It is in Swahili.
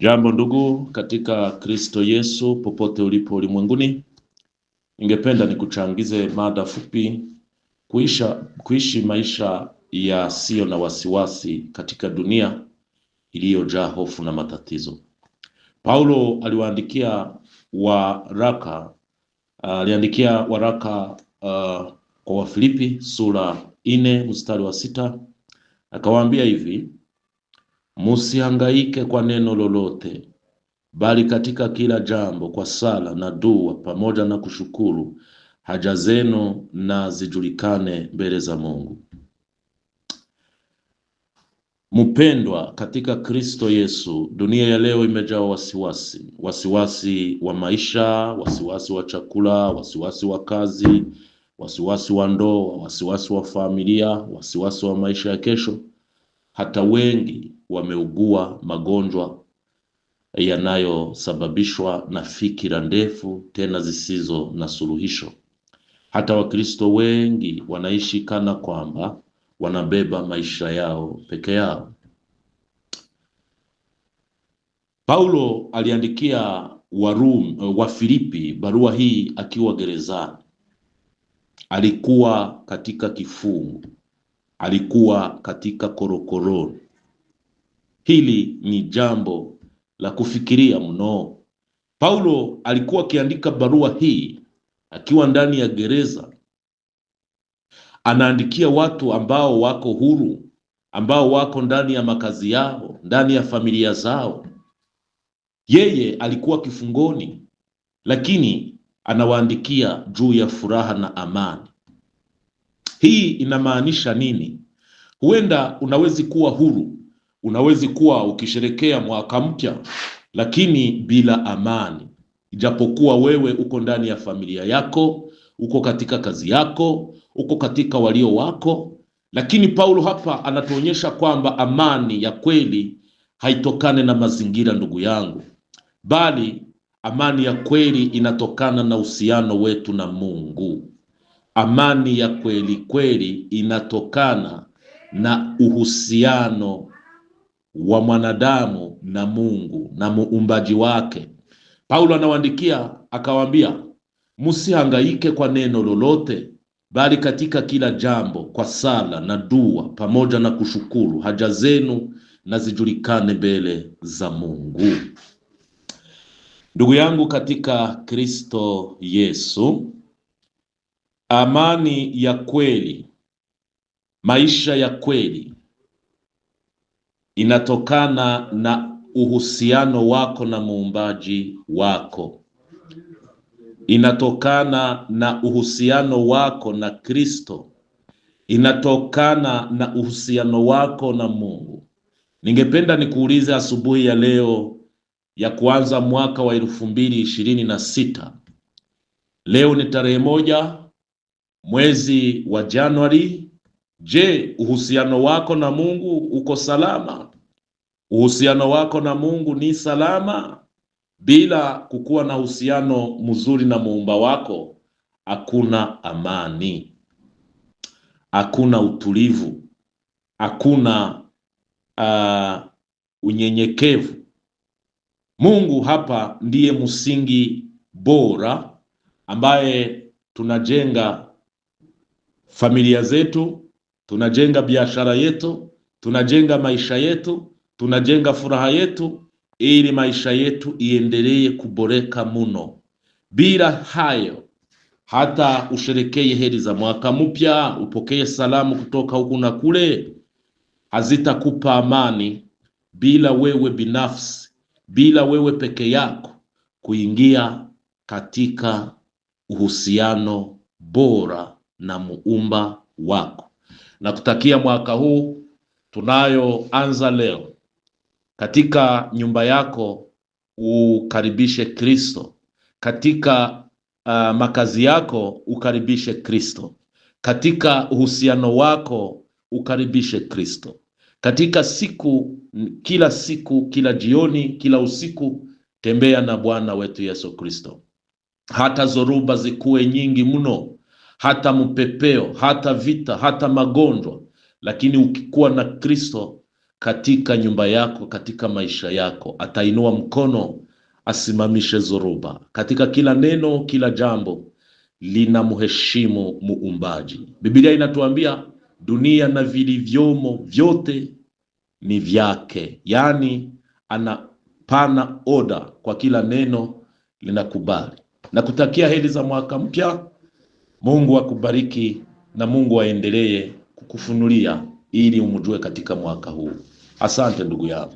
Jambo ndugu katika Kristo Yesu popote ulipo ulimwenguni, ningependa nikuchangize mada fupi kuisha, kuishi maisha yasiyo na wasiwasi katika dunia iliyojaa hofu na matatizo. Paulo aliwaandikia waraka aliandikia waraka uh, kwa Wafilipi sura 4 mstari wa sita akawaambia hivi Musihangaike kwa neno lolote, bali katika kila jambo kwa sala na dua pamoja na kushukuru, haja zenu na zijulikane mbele za Mungu. Mpendwa katika Kristo Yesu, dunia ya leo imejaa wasiwasi, wasiwasi wa maisha, wasiwasi wa chakula, wasiwasi wa kazi, wasiwasi wa ndoa, wasiwasi wa familia, wasiwasi wa maisha ya kesho. Hata wengi wameugua magonjwa yanayosababishwa na fikira ndefu tena zisizo na suluhisho. Hata Wakristo wengi wanaishi kana kwamba wanabeba maisha yao peke yao. Paulo aliandikia Warum, Wafilipi barua hii akiwa gerezani. Alikuwa katika kifungo, alikuwa katika korokoroni, Hili ni jambo la kufikiria mno. Paulo alikuwa akiandika barua hii akiwa ndani ya gereza, anaandikia watu ambao wako huru, ambao wako ndani ya makazi yao, ndani ya familia zao. Yeye alikuwa kifungoni, lakini anawaandikia juu ya furaha na amani. Hii inamaanisha nini? Huenda unawezi kuwa huru Unawezi kuwa ukisherekea mwaka mpya lakini bila amani, ijapokuwa wewe uko ndani ya familia yako, uko katika kazi yako, uko katika walio wako. Lakini Paulo hapa anatuonyesha kwamba amani ya kweli haitokane na mazingira, ndugu yangu, bali amani ya kweli inatokana na uhusiano wetu na Mungu. Amani ya kweli kweli inatokana na uhusiano wa mwanadamu na Mungu na muumbaji wake. Paulo anawaandikia akawaambia, msihangaike kwa neno lolote, bali katika kila jambo kwa sala na dua pamoja na kushukuru, haja zenu na zijulikane mbele za Mungu. Ndugu yangu katika Kristo Yesu, amani ya kweli, maisha ya kweli inatokana na uhusiano wako na muumbaji wako, inatokana na uhusiano wako na Kristo, inatokana na uhusiano wako na Mungu. Ningependa nikuulize asubuhi ya leo ya kuanza mwaka wa elfu mbili ishirini na sita. Leo ni tarehe moja mwezi wa Januari Je, uhusiano wako na Mungu uko salama? Uhusiano wako na Mungu ni salama? Bila kukuwa na uhusiano mzuri na muumba wako, hakuna amani, hakuna utulivu, hakuna uh, unyenyekevu. Mungu hapa ndiye msingi bora ambaye tunajenga familia zetu tunajenga biashara yetu, tunajenga maisha yetu, tunajenga furaha yetu, ili maisha yetu iendelee kuboreka muno. Bila hayo hata usherekee heri za mwaka mpya, upokee salamu kutoka huku na kule, hazitakupa amani bila wewe binafsi, bila wewe peke yako kuingia katika uhusiano bora na muumba wako na kutakia mwaka huu tunayoanza leo katika nyumba yako ukaribishe Kristo katika uh, makazi yako ukaribishe Kristo katika uhusiano wako ukaribishe Kristo katika siku kila siku kila jioni kila usiku tembea na Bwana wetu Yesu Kristo hata zoruba zikuwe nyingi mno hata mpepeo, hata vita, hata magonjwa. Lakini ukikuwa na Kristo katika nyumba yako, katika maisha yako, atainua mkono asimamishe zoruba. Katika kila neno, kila jambo lina mheshimu muumbaji. Biblia inatuambia dunia na vilivyomo vyote ni vyake, yaani anapana oda kwa kila neno linakubali. Na kutakia heri za mwaka mpya Mungu akubariki na Mungu aendelee kukufunulia ili umjue katika mwaka huu. Asante ndugu yangu.